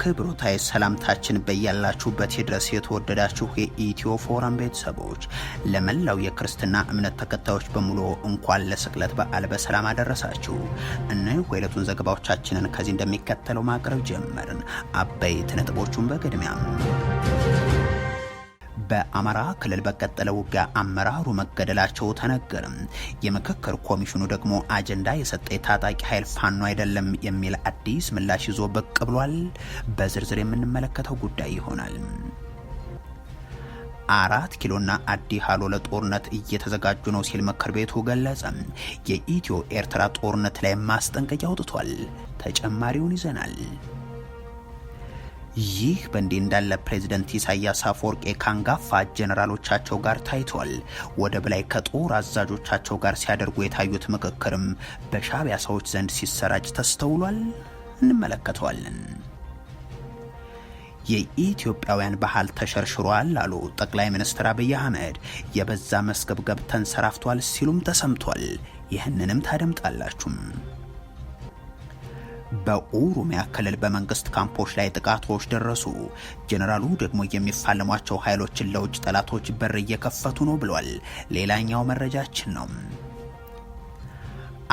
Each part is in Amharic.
አክብሮታዊ ሰላምታችን በያላችሁበት ድረስ የተወደዳችሁ የኢትዮ ፎረም ቤተሰቦች፣ ለመላው የክርስትና እምነት ተከታዮች በሙሉ እንኳን ለስቅለት በዓል በሰላም አደረሳችሁ። እነሆ የዕለቱን ዘገባዎቻችንን ከዚህ እንደሚከተለው ማቅረብ ጀመርን። አበይት ነጥቦቹን በቅድሚያ በአማራ ክልል በቀጠለ ውጊያ አመራሩ መገደላቸው ተነገርም። የምክክር ኮሚሽኑ ደግሞ አጀንዳ የሰጠ የታጣቂ ኃይል ፋኖ አይደለም የሚል አዲስ ምላሽ ይዞ ብቅ ብሏል። በዝርዝር የምንመለከተው ጉዳይ ይሆናል። አራት ኪሎና አዲ ሃሎ ለጦርነት እየተዘጋጁ ነው ሲል ምክር ቤቱ ገለጸ። የኢትዮ ኤርትራ ጦርነት ላይ ማስጠንቀቂያ አውጥቷል። ተጨማሪውን ይዘናል። ይህ በእንዲህ እንዳለ ፕሬዚደንት ኢሳያስ አፈወርቄ ካንጋፋ ጀኔራሎቻቸው ጋር ታይቷል። ወደብ ላይ ከጦር አዛዦቻቸው ጋር ሲያደርጉ የታዩት ምክክርም በሻቢያ ሰዎች ዘንድ ሲሰራጭ ተስተውሏል። እንመለከተዋለን። የኢትዮጵያውያን ባህል ተሸርሽሯል አሉ ጠቅላይ ሚኒስትር አብይ አህመድ። የበዛ መስገብገብ ተንሰራፍቷል ሲሉም ተሰምቷል። ይህንንም ታደምጣላችሁም። በኦሮሚያ ክልል በመንግስት ካምፖች ላይ ጥቃቶች ደረሱ። ጀነራሉ ደግሞ የሚፋለሟቸው ኃይሎችን ለውጭ ጠላቶች በር እየከፈቱ ነው ብሏል። ሌላኛው መረጃችን ነው።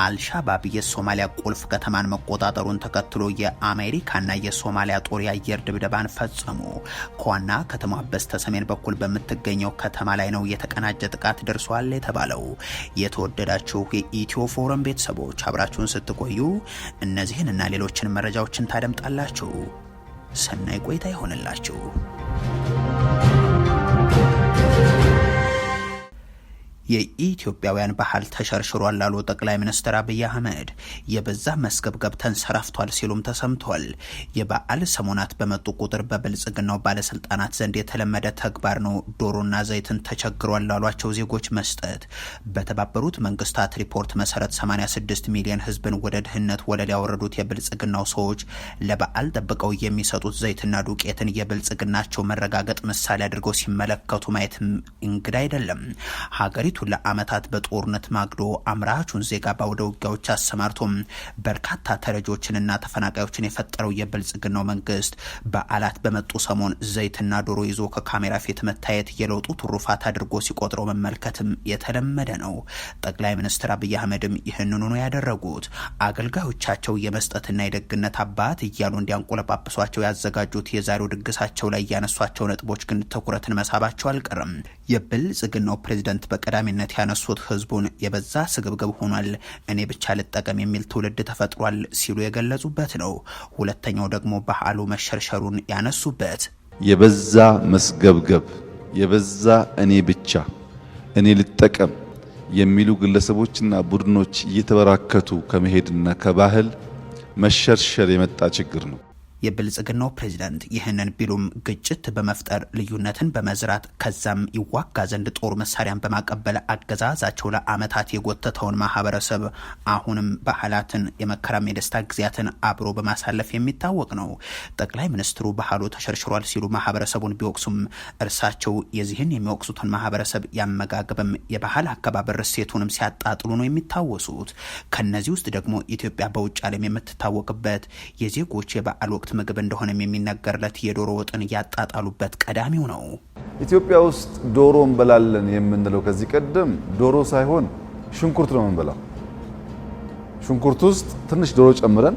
አልሻባብ የሶማሊያ ቁልፍ ከተማን መቆጣጠሩን ተከትሎ የአሜሪካና የሶማሊያ ጦር የአየር ድብደባን ፈጸሙ። ከዋና ከተማ በስተ ሰሜን በኩል በምትገኘው ከተማ ላይ ነው የተቀናጀ ጥቃት ደርሷል የተባለው። የተወደዳችሁ የኢትዮ ፎረም ቤተሰቦች አብራችሁን ስትቆዩ እነዚህን እና ሌሎችን መረጃዎችን ታደምጣላችሁ። ሰናይ ቆይታ ይሆንላችሁ። የኢትዮጵያውያን ባህል ተሸርሽሯል ላሉ ጠቅላይ ሚኒስትር አብይ አህመድ የበዛ ገብተን ሰራፍቷል ሲሉም ተሰምቷል። የበዓል ሰሞናት በመጡ ቁጥር በብልጽግናው ባለስልጣናት ዘንድ የተለመደ ተግባር ነው። ዶሮና ዘይትን ተቸግሯል ላሏቸው ዜጎች መስጠት። በተባበሩት መንግስታት ሪፖርት መሰረት 86 ሚሊዮን ህዝብን ወደ ድህነት ወለል ያወረዱት የብልጽግናው ሰዎች ለበዓል ጠብቀው የሚሰጡት ዘይትና ዱቄትን የብልጽግናቸው መረጋገጥ ምሳሌ አድርገው ሲመለከቱ ማየትም እንግዳ አይደለም። ሀገሪቱ ሀገሪቱ ለአመታት በጦርነት ማግዶ አምራቹን ዜጋ ባወደ ውጊያዎች አሰማርቶም በርካታ ተረጆችንና ተፈናቃዮችን የፈጠረው የብልጽግናው መንግስት በዓላት በመጡ ሰሞን ዘይትና ዶሮ ይዞ ከካሜራ ፊት መታየት የለውጡ ትሩፋት አድርጎ ሲቆጥረው መመልከትም የተለመደ ነው። ጠቅላይ ሚኒስትር አብይ አህመድም ይህንኑ ነው ያደረጉት። አገልጋዮቻቸው የመስጠትና የደግነት አባት እያሉ እንዲያንቆለጳጵሷቸው ያዘጋጁት የዛሬው ድግሳቸው ላይ ያነሷቸው ነጥቦች ግን ትኩረትን መሳባቸው አልቀርም። የብልጽግናው ፕሬዚደንት በቀዳሚ በቀዳሚነት ያነሱት ህዝቡን የበዛ ስግብግብ ሆኗል፣ እኔ ብቻ ልጠቀም የሚል ትውልድ ተፈጥሯል ሲሉ የገለጹበት ነው። ሁለተኛው ደግሞ ባህሉ መሸርሸሩን ያነሱበት የበዛ መስገብገብ፣ የበዛ እኔ ብቻ እኔ ልጠቀም የሚሉ ግለሰቦችና ቡድኖች እየተበራከቱ ከመሄድና ከባህል መሸርሸር የመጣ ችግር ነው። የብልጽግናው ፕሬዚዳንት ይህንን ቢሉም ግጭት በመፍጠር ልዩነትን በመዝራት ከዛም ይዋጋ ዘንድ ጦር መሳሪያን በማቀበል አገዛዛቸው ለአመታት የጎተተውን ማህበረሰብ አሁንም ባህላትን የመከራም የደስታ ጊዜያትን አብሮ በማሳለፍ የሚታወቅ ነው። ጠቅላይ ሚኒስትሩ ባህሉ ተሸርሽሯል ሲሉ ማህበረሰቡን ቢወቅሱም እርሳቸው የዚህን የሚወቅሱትን ማህበረሰብ ያመጋገብም የባህል አከባበር እሴቱንም ሲያጣጥሉ ነው የሚታወሱት። ከነዚህ ውስጥ ደግሞ ኢትዮጵያ በውጭ ዓለም የምትታወቅበት የዜጎች የበዓል ወቅት ወቅት ምግብ እንደሆነም የሚነገርለት የዶሮ ወጥን እያጣጣሉበት ቀዳሚው ነው። ኢትዮጵያ ውስጥ ዶሮ እንበላለን የምንለው ከዚህ ቀደም ዶሮ ሳይሆን ሽንኩርት ነው የምንበላው። ሽንኩርት ውስጥ ትንሽ ዶሮ ጨምረን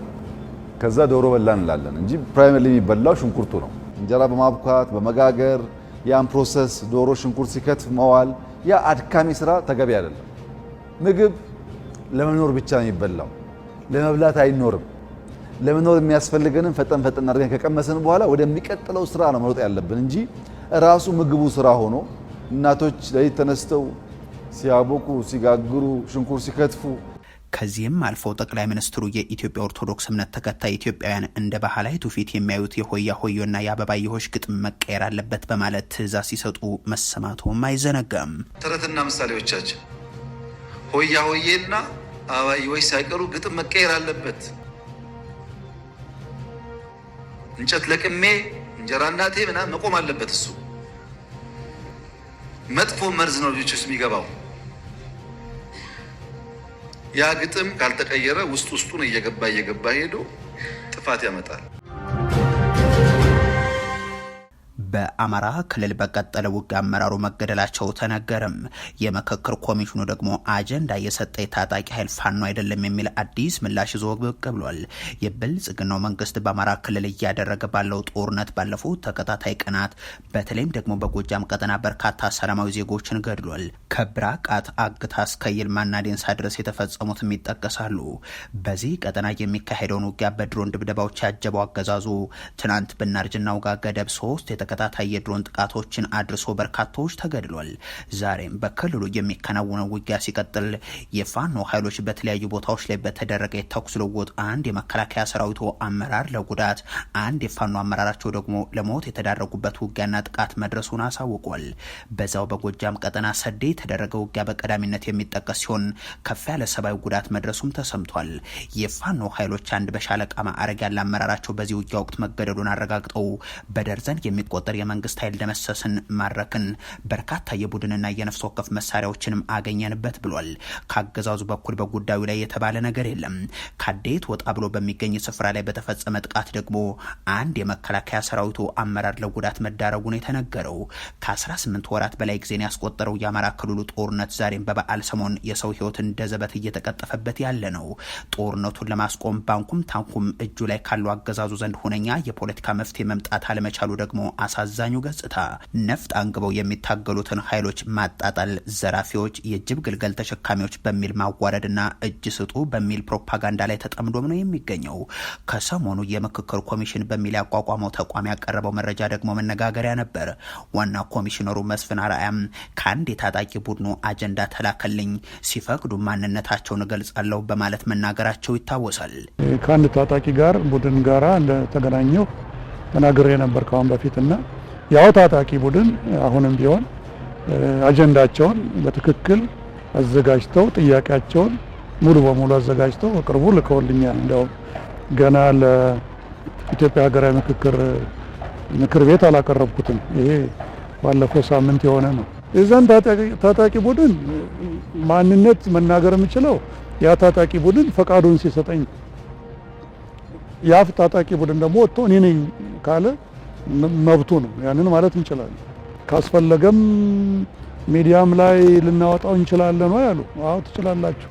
ከዛ ዶሮ በላ እንላለን እንጂ ፕራይመሪ የሚበላው ሽንኩርቱ ነው። እንጀራ በማብኳት በመጋገር ያን ፕሮሰስ ዶሮ ሽንኩርት ሲከትፍ መዋል ያ አድካሚ ስራ ተገቢ አይደለም። ምግብ ለመኖር ብቻ ነው የሚበላው፣ ለመብላት አይኖርም። ለመኖር የሚያስፈልገንን ፈጠን ፈጠን አድርገን ከቀመስን በኋላ ወደሚቀጥለው ስራ ነው መሮጥ ያለብን እንጂ ራሱ ምግቡ ስራ ሆኖ እናቶች ለሊት ተነስተው ሲያቦኩ፣ ሲጋግሩ፣ ሽንኩርት ሲከትፉ ከዚህም አልፎ ጠቅላይ ሚኒስትሩ የኢትዮጵያ ኦርቶዶክስ እምነት ተከታይ ኢትዮጵያውያን እንደ ባህላዊ ትውፊት የሚያዩት የሆያ ሆዮና የሆሽ ግጥም መቀየር አለበት በማለት ትዕዛዝ ሲሰጡ መሰማቱም አይዘነጋም። ተረትና ምሳሌዎቻችን ሆያ ሆዬና አበባየሆሽ ሳይቀሩ ግጥም መቀየር አለበት እንጨት ለቅሜ እንጀራ እናቴ ምናምን መቆም አለበት። እሱ መጥፎ መርዝ ነው ልጆች ውስጥ የሚገባው። ያ ግጥም ካልተቀየረ ውስጥ ውስጡን እየገባ እየገባ ሄዶ ጥፋት ያመጣል። በአማራ ክልል በቀጠለ ውጊያ አመራሩ መገደላቸው ተነገርም። የምክክር ኮሚሽኑ ደግሞ አጀንዳ የሰጠ የታጣቂ ኃይል ፋኖ አይደለም የሚል አዲስ ምላሽ ይዞ ብቅ ብሏል። የብልጽግናው መንግስት በአማራ ክልል እያደረገ ባለው ጦርነት ባለፉት ተከታታይ ቀናት በተለይም ደግሞ በጎጃም ቀጠና በርካታ ሰላማዊ ዜጎችን ገድሏል። ከብራቃት አግታ እስከ ይልማና ዴንሳ ድረስ የተፈጸሙትም ይጠቀሳሉ። በዚህ ቀጠና የሚካሄደውን ውጊያ በድሮን ድብደባዎች ያጀበው አገዛዙ ትናንት ብናርጅ እናውጋ ገደብ ሶስት የተከታ ተከታታይ የድሮን ጥቃቶችን አድርሶ በርካታዎች ተገድሏል። ዛሬም በክልሉ የሚከናወነው ውጊያ ሲቀጥል የፋኖ ኃይሎች በተለያዩ ቦታዎች ላይ በተደረገ የተኩስ ልውውጥ አንድ የመከላከያ ሰራዊቱ አመራር ለጉዳት፣ አንድ የፋኖ አመራራቸው ደግሞ ለሞት የተዳረጉበት ውጊያና ጥቃት መድረሱን አሳውቋል። በዛው በጎጃም ቀጠና ሰዴ የተደረገ ውጊያ በቀዳሚነት የሚጠቀስ ሲሆን ከፍ ያለ ሰብአዊ ጉዳት መድረሱም ተሰምቷል። የፋኖ ኃይሎች አንድ በሻለቃ ማዕረግ ያለ አመራራቸው በዚህ ውጊያ ወቅት መገደሉን አረጋግጠው በደርዘን የሚቆጠ ቁጥር የመንግስት ኃይል ደመሰስን፣ ማረክን፣ በርካታ የቡድንና የነፍስ ወከፍ መሳሪያዎችንም አገኘንበት ብሏል። ከአገዛዙ በኩል በጉዳዩ ላይ የተባለ ነገር የለም። ካዴት ወጣ ብሎ በሚገኝ ስፍራ ላይ በተፈጸመ ጥቃት ደግሞ አንድ የመከላከያ ሰራዊቱ አመራር ለጉዳት መዳረጉን የተነገረው። ከ18 ወራት በላይ ጊዜን ያስቆጠረው የአማራ ክልሉ ጦርነት ዛሬም በበዓል ሰሞን የሰው ህይወት እንደ ዘበት እየተቀጠፈበት ያለ ነው። ጦርነቱን ለማስቆም ባንኩም ታንኩም እጁ ላይ ካሉ አገዛዙ ዘንድ ሁነኛ የፖለቲካ መፍትሄ መምጣት አለመቻሉ ደግሞ አሳ አሳዛኙ ገጽታ ነፍጥ አንግበው የሚታገሉትን ኃይሎች ማጣጣል፣ ዘራፊዎች፣ የጅብ ግልገል ተሸካሚዎች በሚል ማዋረድና እጅ ስጡ በሚል ፕሮፓጋንዳ ላይ ተጠምዶም ነው የሚገኘው። ከሰሞኑ የምክክር ኮሚሽን በሚል ያቋቋመው ተቋም ያቀረበው መረጃ ደግሞ መነጋገሪያ ነበር። ዋና ኮሚሽነሩ መስፍን አርአያም ከአንድ የታጣቂ ቡድኑ አጀንዳ ተላከልኝ፣ ሲፈቅዱ ማንነታቸውን እገልጻለሁ በማለት መናገራቸው ይታወሳል። ከአንድ ታጣቂ ጋር ቡድን ጋራ እንደተገናኘው ተናግሬ ነበር ከአሁን በፊት እና ያው ታጣቂ ቡድን አሁንም ቢሆን አጀንዳቸውን በትክክል አዘጋጅተው ጥያቄያቸውን ሙሉ በሙሉ አዘጋጅተው በቅርቡ ልከውልኛል። እንዲያውም ገና ለኢትዮጵያ ሀገራዊ ምክክር ምክር ቤት አላቀረብኩትም። ይሄ ባለፈው ሳምንት የሆነ ነው። የዛን ታጣቂ ቡድን ማንነት መናገር የምችለው ያ ታጣቂ ቡድን ፈቃዱን ሲሰጠኝ የአፍ ታጣቂ ቡድን ደግሞ ወጥቶ እኔ ነኝ ካለ መብቱ ነው። ያንን ማለት እንችላለን። ካስፈለገም ሚዲያም ላይ ልናወጣው እንችላለን ወይ አሉ። አዎ ትችላላችሁ።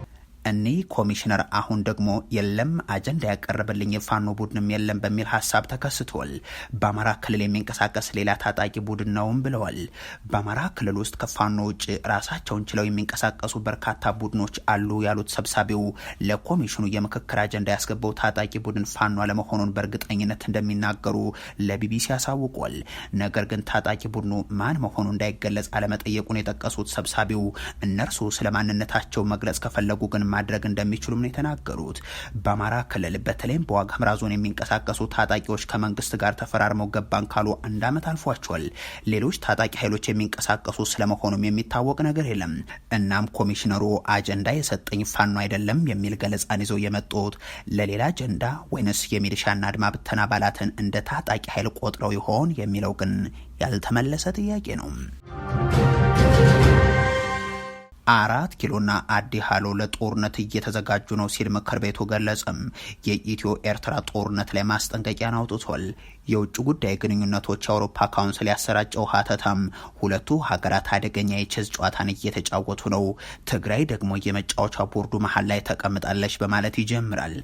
እኒህ ኮሚሽነር አሁን ደግሞ የለም አጀንዳ ያቀረበልኝ የፋኖ ቡድንም የለም በሚል ሀሳብ ተከስቷል። በአማራ ክልል የሚንቀሳቀስ ሌላ ታጣቂ ቡድን ነውም ብለዋል። በአማራ ክልል ውስጥ ከፋኖ ውጭ ራሳቸውን ችለው የሚንቀሳቀሱ በርካታ ቡድኖች አሉ ያሉት ሰብሳቢው ለኮሚሽኑ የምክክር አጀንዳ ያስገባው ታጣቂ ቡድን ፋኖ አለመሆኑን በእርግጠኝነት እንደሚናገሩ ለቢቢሲ አሳውቋል። ነገር ግን ታጣቂ ቡድኑ ማን መሆኑ እንዳይገለጽ አለመጠየቁን የጠቀሱት ሰብሳቢው እነርሱ ስለ ማንነታቸው መግለጽ ከፈለጉ ግን ማድረግ እንደሚችሉም ነው የተናገሩት። በአማራ ክልል በተለይም በዋግ ዞን የሚንቀሳቀሱ ታጣቂዎች ከመንግስት ጋር ተፈራርመው ገባን ካሉ አንድ ዓመት አልፏቸዋል። ሌሎች ታጣቂ ኃይሎች የሚንቀሳቀሱ ስለመሆኑም የሚታወቅ ነገር የለም። እናም ኮሚሽነሩ አጀንዳ የሰጠኝ ፋኖ አይደለም የሚል ገለጻን ይዘው የመጡት ለሌላ አጀንዳ ወይንስ የሚሊሻና አድማ ብተን አባላትን እንደ ታጣቂ ኃይል ቆጥረው ይሆን የሚለው ግን ያልተመለሰ ጥያቄ ነው። አራት ኪሎና አዲ ሀሎ ለጦርነት እየተዘጋጁ ነው ሲል ምክር ቤቱ ገለጸም። የኢትዮ ኤርትራ ጦርነት ላይ ማስጠንቀቂያን አውጥቷል። የውጭ ጉዳይ ግንኙነቶች የአውሮፓ ካውንስል ያሰራጨው ሀተታም ሁለቱ ሀገራት አደገኛ የቼዝ ጨዋታን እየተጫወቱ ነው፣ ትግራይ ደግሞ የመጫወቻ ቦርዱ መሀል ላይ ተቀምጣለች በማለት ይጀምራል።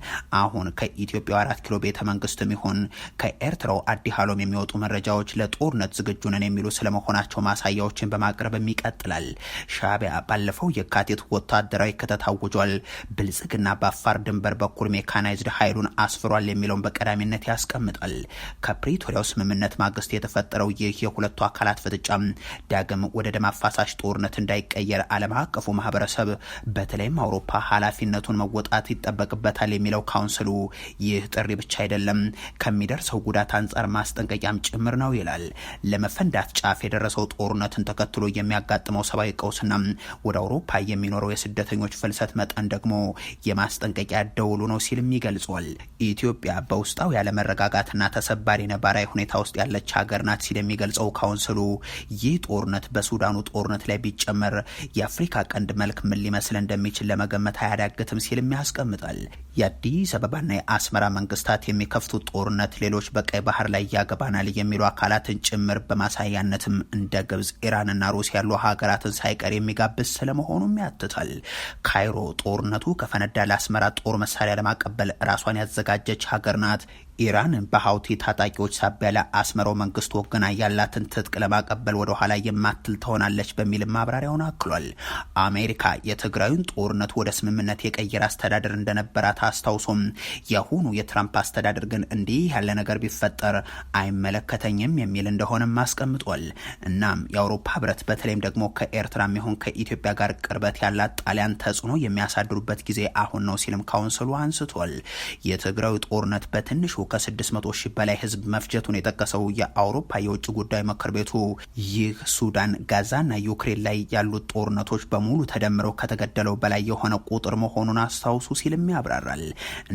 አሁን ከኢትዮጵያው አራት ኪሎ ቤተ መንግስትም ይሁን ከኤርትራው አዲ የሚወጡ መረጃዎች ለጦርነት ዝግጁ ነን የሚሉ ስለመሆናቸው ማሳያዎችን በማቅረብም ይቀጥላል። ሻቢያ ባለፈው የካቲት ወታደራዊ ከተታውጇል፣ ብልጽግና በአፋር ድንበር በኩል ሜካናይዝድ ኃይሉን አስፍሯል የሚለውን በቀዳሚነት ያስቀምጣል። ከፕሪቶሪያው ስምምነት ማግስት የተፈጠረው ይህ የሁለቱ አካላት ፍጥጫ ዳግም ወደ ደም አፋሳሽ ጦርነት እንዳይቀየር ዓለም አቀፉ ማህበረሰብ በተለይም አውሮፓ ኃላፊነቱን መወጣት ይጠበቅበታል የሚለው ካውንስሉ ይህ ጥሪ ብቻ አይደለም ከሚደርሰው ጉዳት አንጻር ማስጠንቀቂያም ጭምር ነው ይላል። ለመፈንዳት ጫፍ የደረሰው ጦርነትን ተከትሎ የሚያጋጥመው ሰብአዊ ቀውስና ወደ አውሮፓ የሚኖረው የስደተኞች ፍልሰት መጠን ደግሞ የማስጠንቀቂያ ደውሉ ነው ሲልም ይገልጿል። ኢትዮጵያ በውስጣዊ ያለመረጋጋትና ተሰባሪ ነባራዊ ሁኔታ ውስጥ ያለች ሀገር ናት ሲል የሚገልጸው ካውንስሉ ይህ ጦርነት በሱዳኑ ጦርነት ላይ ቢጨመር የአፍሪካ ቀንድ መልክ ምን ሊመስል እንደሚችል ለመገመት አያዳግትም ሲልም ያስቀምጣል። የአዲስ አበባና የአስመራ መንግስታት የሚከፍቱት ጦርነት ሌሎች በቀይ ባህር ላይ ያገባናል የሚሉ አካላትን ጭምር በማሳያነትም እንደ ግብጽ፣ ኢራንና ሩሲያ ያሉ ሀገራትን ሳይቀር የሚጋብዝ ስለመሆኑም ያትታል። ካይሮ ጦርነቱ ከፈነዳ ለአስመራ ጦር መሳሪያ ለማቀበል ራሷን ያዘጋጀች ሀገር ናት። ኢራን በሀውቲ ታጣቂዎች ሳቢያ ለአስመራው መንግስት ወገና ያላትን ትጥቅ ለማቀበል ወደ ኋላ የማትል ትሆናለች በሚል ማብራሪያውን አክሏል። አሜሪካ የትግራዩን ጦርነት ወደ ስምምነት የቀየረ አስተዳደር እንደነበራት አስታውሶም የሁኑ የትራምፕ አስተዳደር ግን እንዲህ ያለ ነገር ቢፈጠር አይመለከተኝም የሚል እንደሆነም አስቀምጧል። እናም የአውሮፓ ህብረት በተለይም ደግሞ ከኤርትራ የሚሆን ከኢትዮጵያ ጋር ቅርበት ያላት ጣሊያን ተጽዕኖ የሚያሳድሩበት ጊዜ አሁን ነው ሲልም ካውንስሉ አንስቷል። የትግራዩ ጦርነት በትንሹ ከ600 ሺህ በላይ ህዝብ መፍጀቱን የጠቀሰው የአውሮፓ የውጭ ጉዳይ ምክር ቤቱ ይህ ሱዳን፣ ጋዛና ዩክሬን ላይ ያሉት ጦርነቶች በሙሉ ተደምረው ከተገደለው በላይ የሆነ ቁጥር መሆኑን አስታውሱ ሲልም ያብራራል።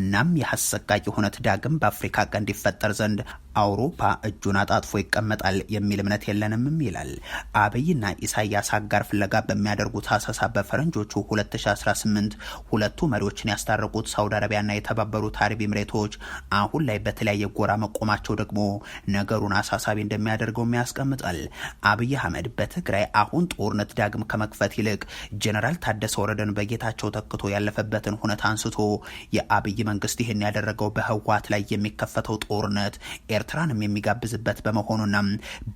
እናም የአሰቃቂ ሁነት ዳግም በአፍሪካ ቀንድ ይፈጠር ዘንድ አውሮፓ እጁን አጣጥፎ ይቀመጣል የሚል እምነት የለንምም ይላል። አብይና ኢሳያስ አጋር ፍለጋ በሚያደርጉት አሰሳ በፈረንጆቹ 2018 ሁለቱ መሪዎችን ያስታረቁት ሳውዲ አረቢያና የተባበሩት አረብ ኤምሬቶች አሁን ላይ በተለያየ ጎራ መቆማቸው ደግሞ ነገሩን አሳሳቢ እንደሚያደርገው ያስቀምጣል። አብይ አህመድ በትግራይ አሁን ጦርነት ዳግም ከመክፈት ይልቅ ጀነራል ታደሰ ወረደን በጌታቸው ተክቶ ያለፈበትን ሁነት አንስቶ የአብይ መንግስት ይህን ያደረገው በህወሓት ላይ የሚከፈተው ጦርነት ኤርትራንም የሚጋብዝበት በመሆኑና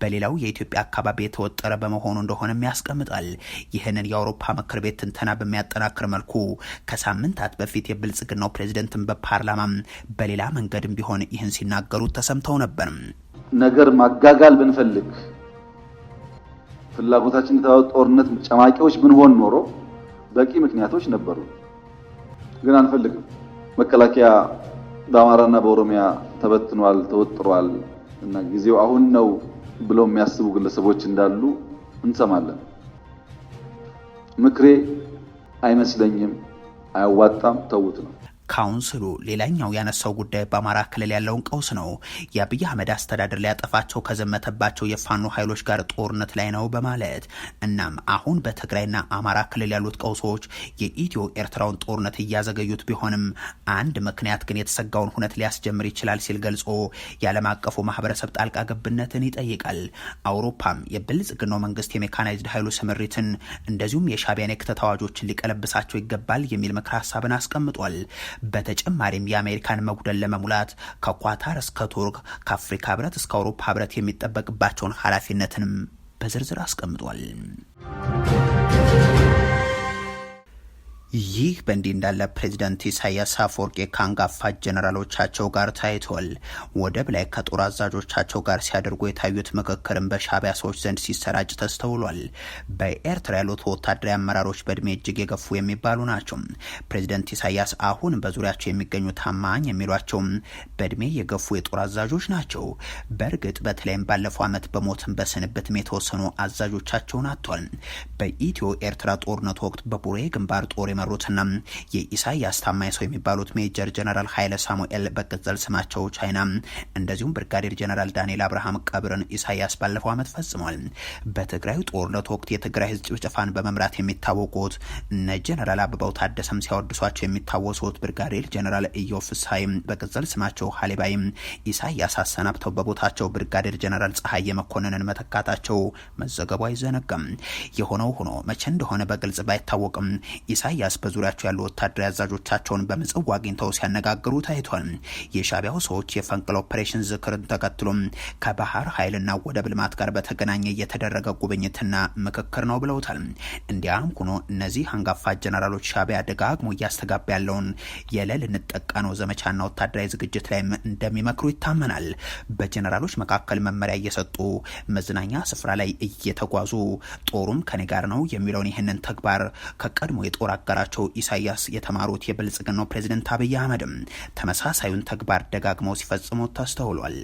በሌላው የኢትዮጵያ አካባቢ የተወጠረ በመሆኑ እንደሆነም ያስቀምጣል። ይህንን የአውሮፓ ምክር ቤት ትንተና በሚያጠናክር መልኩ ከሳምንታት በፊት የብልጽግናው ፕሬዚደንትን በፓርላማ በሌላ መንገድም ቢሆን ጌታሁን ይህን ሲናገሩት ተሰምተው ነበር። ነገር ማጋጋል ብንፈልግ ፍላጎታችን የተባሉ ጦርነት ጨማቂዎች ብንሆን ኖሮ በቂ ምክንያቶች ነበሩ፣ ግን አንፈልግም። መከላከያ በአማራና በኦሮሚያ ተበትኗል፣ ተወጥሯል እና ጊዜው አሁን ነው ብለው የሚያስቡ ግለሰቦች እንዳሉ እንሰማለን። ምክሬ አይመስለኝም፣ አያዋጣም፣ ተዉት ነው። ካውንስሉ ሌላኛው ያነሳው ጉዳይ በአማራ ክልል ያለውን ቀውስ ነው። የአብይ አህመድ አስተዳደር ሊያጠፋቸው ከዘመተባቸው የፋኖ ኃይሎች ጋር ጦርነት ላይ ነው በማለት እናም አሁን በትግራይና አማራ ክልል ያሉት ቀውሶች የኢትዮ ኤርትራውን ጦርነት እያዘገዩት ቢሆንም አንድ ምክንያት ግን የተሰጋውን ሁነት ሊያስጀምር ይችላል ሲል ገልጾ የዓለም አቀፉ ማህበረሰብ ጣልቃ ገብነትን ይጠይቃል። አውሮፓም የብልጽግናው መንግስት የሜካናይዝድ ኃይሉ ስምሪትን እንደዚሁም የሻቢያን የክተት አዋጆችን ሊቀለብሳቸው ይገባል የሚል ምክረ ሀሳብን አስቀምጧል። በተጨማሪም የአሜሪካን መጉደል ለመሙላት ከኳታር እስከ ቱርክ ከአፍሪካ ህብረት እስከ አውሮፓ ህብረት የሚጠበቅባቸውን ኃላፊነትንም በዝርዝር አስቀምጧል። ይህ በእንዲህ እንዳለ ፕሬዚደንት ኢሳያስ አፈወርቂ ከአንጋፋ ጀኔራሎቻቸው ጋር ታይቷል። ወደብ ላይ ከጦር አዛዦቻቸው ጋር ሲያደርጉ የታዩት ምክክርን በሻቢያ ሰዎች ዘንድ ሲሰራጭ ተስተውሏል። በኤርትራ ያሉት ወታደራዊ አመራሮች በእድሜ እጅግ የገፉ የሚባሉ ናቸው። ፕሬዚደንት ኢሳያስ አሁን በዙሪያቸው የሚገኙ ታማኝ የሚሏቸው በእድሜ የገፉ የጦር አዛዦች ናቸው። በእርግጥ በተለይም ባለፈው ዓመት በሞትን በስንብትም የተወሰኑ አዛዦቻቸውን አጥቷል። በኢትዮ ኤርትራ ጦርነት ወቅት በቡሬ ግንባር ጦር የሚመሩትና የኢሳያስ ታማኝ ሰው የሚባሉት ሜጀር ጀነራል ኃይለ ሳሙኤል በቅጽል ስማቸው ቻይና፣ እንደዚሁም ብርጋዴር ጀነራል ዳንኤል አብርሃም ቀብርን ኢሳያስ ባለፈው ዓመት ፈጽሟል። በትግራዩ ጦርነት ወቅት የትግራይ ህዝብ ጭፍጨፋን በመምራት የሚታወቁት እነ ጀነራል አበባው ታደሰም ሲያወድሷቸው የሚታወሱት ብርጋዴር ጀነራል ኢዮብ ፍሳይ በቅጽል ስማቸው ሀሊባይም ኢሳያስ አሰናብተው በቦታቸው ብርጋዴር ጀነራል ፀሐይ መኮንንን መተካታቸው መዘገቡ አይዘነጋም። የሆነው ሆኖ መቼ እንደሆነ በግልጽ ባይታወቅም ኢሳያስ ሐማስ በዙሪያቸው ያሉ ወታደራዊ አዛዦቻቸውን በምጽዋ አግኝተው ሲያነጋግሩ ታይቷል። የሻቢያው ሰዎች የፈንቅል ኦፕሬሽን ዝክርን ተከትሎም ከባህር ኃይልና ወደብ ልማት ጋር በተገናኘ የተደረገ ጉብኝትና ምክክር ነው ብለውታል። እንዲያም ሆኖ እነዚህ አንጋፋ ጀነራሎች ሻቢያ ደጋግሞ እያስተጋባ ያለውን የለል እንጠቃ ነው ዘመቻና ወታደራዊ ዝግጅት ላይም እንደሚመክሩ ይታመናል። በጀነራሎች መካከል መመሪያ እየሰጡ መዝናኛ ስፍራ ላይ እየተጓዙ ጦሩም ከኔ ጋር ነው የሚለውን ይህንን ተግባር ከቀድሞ የጦር አጋራ ከእሳቸው ኢሳያስ የተማሩት የብልጽግናው ፕሬዚደንት አብይ አህመድም ተመሳሳዩን ተግባር ደጋግመው ሲፈጽሙት ተስተውሏል።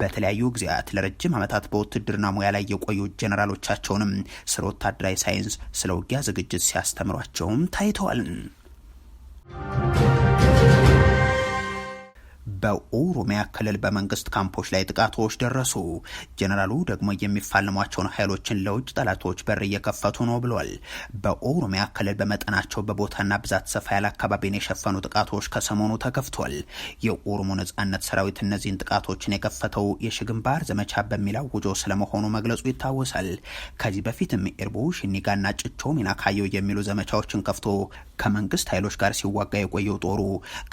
በተለያዩ ጊዜያት ለረጅም ዓመታት በውትድርና ሙያ ላይ የቆዩ ጀኔራሎቻቸውንም ስለ ወታደራዊ ሳይንስ፣ ስለ ውጊያ ዝግጅት ሲያስተምሯቸውም ታይተዋል። በኦሮሚያ ክልል በመንግስት ካምፖች ላይ ጥቃቶች ደረሱ። ጀኔራሉ ደግሞ የሚፋለሟቸውን ኃይሎችን ለውጭ ጠላቶች በር እየከፈቱ ነው ብሏል። በኦሮሚያ ክልል በመጠናቸው በቦታና ብዛት ሰፋ ያለ አካባቢን የሸፈኑ ጥቃቶች ከሰሞኑ ተከፍቷል። የኦሮሞ ነጻነት ሰራዊት እነዚህን ጥቃቶችን የከፈተው የሽግንባር ዘመቻ በሚል ስለመሆኑ መግለጹ ይታወሳል። ከዚህ በፊትም ኤርቦ ሽኒጋና ጭቾ ሚናካየው የሚሉ ዘመቻዎችን ከፍቶ ከመንግስት ኃይሎች ጋር ሲዋጋ የቆየው ጦሩ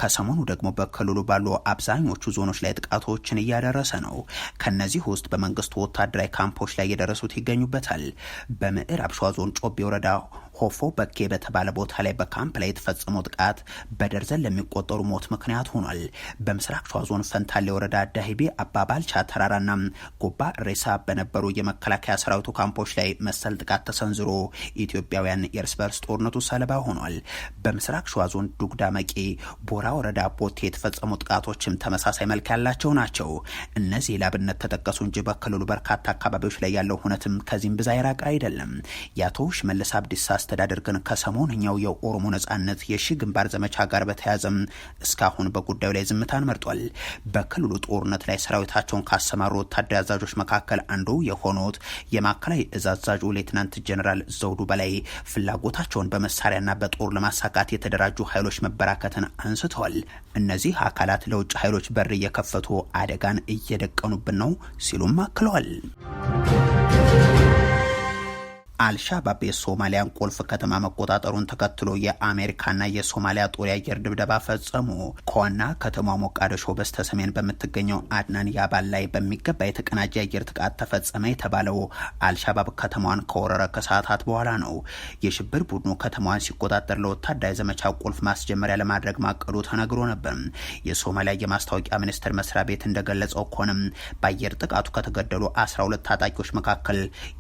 ከሰሞኑ ደግሞ በክልሉ ባሉ አብዛኞቹ ዞኖች ላይ ጥቃቶችን እያደረሰ ነው። ከነዚህ ውስጥ በመንግስቱ ወታደራዊ ካምፖች ላይ የደረሱት ይገኙበታል። በምዕራብ ሸዋ ዞን ጮቤ ወረዳ ሆፎ በኬ በተባለ ቦታ ላይ በካምፕ ላይ የተፈጸመው ጥቃት በደርዘን ለሚቆጠሩ ሞት ምክንያት ሆኗል። በምስራቅ ሸዋ ዞን ፈንታሌ ወረዳ ዳሂቤ፣ አባባልቻ ተራራና ጎባ ሬሳ በነበሩ የመከላከያ ሰራዊቱ ካምፖች ላይ መሰል ጥቃት ተሰንዝሮ ኢትዮጵያውያን የእርስ በርስ ጦርነቱ ሰለባ ሆኗል። በምስራቅ ሸዋ ዞን ዱግዳ መቂ፣ ቦራ ወረዳ ቦቴ የተፈጸሙ ጥቃቶችም ተመሳሳይ መልክ ያላቸው ናቸው። እነዚህ ላብነት ተጠቀሱ እንጂ በክልሉ በርካታ አካባቢዎች ላይ ያለው ሁነትም ከዚህም ብዛ የራቀ አይደለም። የአቶ ሽመልስ አብዲሳ አስተዳደር ግን ከሰሞንኛው የኦሮሞ ነጻነት የሺ ግንባር ዘመቻ ጋር በተያያዘም እስካሁን በጉዳዩ ላይ ዝምታን መርጧል። በክልሉ ጦርነት ላይ ሰራዊታቸውን ካሰማሩ ወታደር አዛዦች መካከል አንዱ የሆኑት የማዕከላዊ እዝ አዛዡ ሌትናንት ጀኔራል ዘውዱ በላይ ፍላጎታቸውን በመሳሪያና በጦር ለማሳካት የተደራጁ ኃይሎች መበራከትን አንስተዋል። እነዚህ አካላት ለውጭ ኃይሎች በር እየከፈቱ አደጋን እየደቀኑብን ነው ሲሉም አክለዋል። አልሻባብ የሶማሊያን ቁልፍ ከተማ መቆጣጠሩን ተከትሎ የአሜሪካና የሶማሊያ ጦር የአየር ድብደባ ፈጸሙ። ከዋና ከተማ ሞቃዲሾ በስተ ሰሜን በምትገኘው አድናን ያባል ላይ በሚገባ የተቀናጀ አየር ጥቃት ተፈጸመ የተባለው አልሻባብ ከተማዋን ከወረረ ከሰዓታት በኋላ ነው። የሽብር ቡድኑ ከተማዋን ሲቆጣጠር ለወታደራዊ ዘመቻ ቁልፍ ማስጀመሪያ ለማድረግ ማቀዱ ተነግሮ ነበር። የሶማሊያ የማስታወቂያ ሚኒስቴር መስሪያ ቤት እንደገለጸው ከሆነም በአየር ጥቃቱ ከተገደሉ 12 ታጣቂዎች መካከል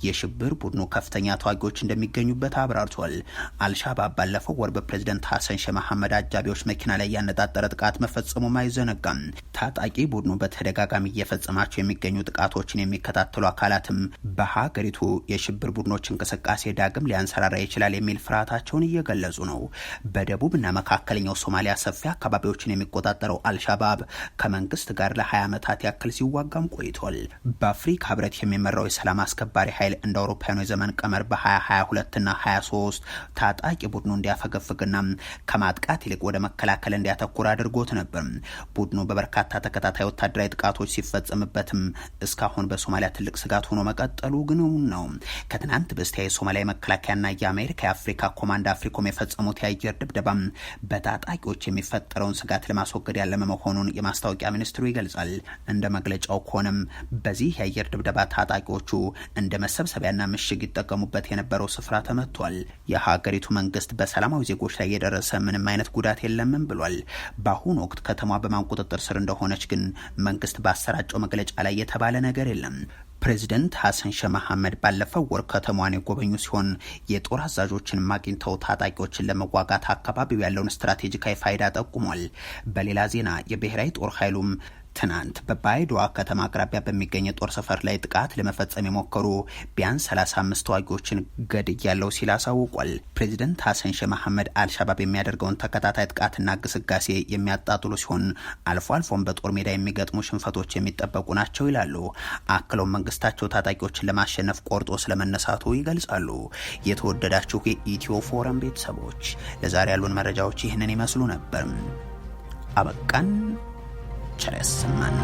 የሽብር ቡድኑ ከፍተኛ ከፍተኛ ተዋጊዎች እንደሚገኙበት አብራርቷል። አልሻባብ ባለፈው ወር በፕሬዝደንት ሀሰን ሼህ መሐመድ አጃቢዎች መኪና ላይ ያነጣጠረ ጥቃት መፈጸሙም አይዘነጋም። ታጣቂ ቡድኑ በተደጋጋሚ እየፈጸማቸው የሚገኙ ጥቃቶችን የሚከታተሉ አካላትም በሀገሪቱ የሽብር ቡድኖች እንቅስቃሴ ዳግም ሊያንሰራራ ይችላል የሚል ፍርሃታቸውን እየገለጹ ነው። በደቡብና መካከለኛው ሶማሊያ ሰፊ አካባቢዎችን የሚቆጣጠረው አልሻባብ ከመንግስት ጋር ለ20 ዓመታት ያክል ሲዋጋም ቆይቷል። በአፍሪካ ህብረት የሚመራው የሰላም አስከባሪ ኃይል እንደ አውሮፓውያኑ የዘመን ቀመ በመጨመር በ2022 እና 23 ታጣቂ ቡድኑ እንዲያፈገፍግና ከማጥቃት ይልቅ ወደ መከላከል እንዲያተኩር አድርጎት ነበር። ቡድኑ በበርካታ ተከታታይ ወታደራዊ ጥቃቶች ሲፈጸምበትም እስካሁን በሶማሊያ ትልቅ ስጋት ሆኖ መቀጠሉ ግን ነው። ከትናንት በስቲያ የሶማሊያ መከላከያና የአሜሪካ የአፍሪካ ኮማንድ አፍሪኮም የፈጸሙት የአየር ድብደባ በታጣቂዎች የሚፈጠረውን ስጋት ለማስወገድ ያለመ መሆኑን የማስታወቂያ ሚኒስትሩ ይገልጻል። እንደ መግለጫው ከሆነም በዚህ የአየር ድብደባ ታጣቂዎቹ እንደ መሰብሰቢያና ምሽግ ይጠቀሙ ሲጠቀሙበት የነበረው ስፍራ ተመቷል። የሀገሪቱ መንግስት በሰላማዊ ዜጎች ላይ የደረሰ ምንም አይነት ጉዳት የለምም ብሏል። በአሁኑ ወቅት ከተማ በማን ቁጥጥር ስር እንደሆነች ግን መንግስት ባሰራጨው መግለጫ ላይ የተባለ ነገር የለም። ፕሬዚደንት ሐሰን ሼህ መሐመድ ባለፈው ወር ከተማዋን የጎበኙ ሲሆን የጦር አዛዦችን አግኝተው ታጣቂዎችን ለመዋጋት አካባቢው ያለውን ስትራቴጂካዊ ፋይዳ ጠቁሟል። በሌላ ዜና የብሔራዊ ጦር ኃይሉም ትናንት በባይዶዋ ከተማ አቅራቢያ በሚገኝ የጦር ሰፈር ላይ ጥቃት ለመፈጸም የሞከሩ ቢያንስ 35 ተዋጊዎችን ገድያለሁ ሲል አሳውቋል። ፕሬዚደንት ሐሰን ሼህ መሐመድ አልሻባብ የሚያደርገውን ተከታታይ ጥቃትና ግስጋሴ የሚያጣጥሉ ሲሆን አልፎ አልፎም በጦር ሜዳ የሚገጥሙ ሽንፈቶች የሚጠበቁ ናቸው ይላሉ። አክለው መንግስታቸው ታጣቂዎችን ለማሸነፍ ቆርጦ ስለመነሳቱ ይገልጻሉ። የተወደዳችሁ የኢትዮ ፎረም ቤተሰቦች ለዛሬ ያሉን መረጃዎች ይህንን ይመስሉ ነበር። አበቃን። Charisman.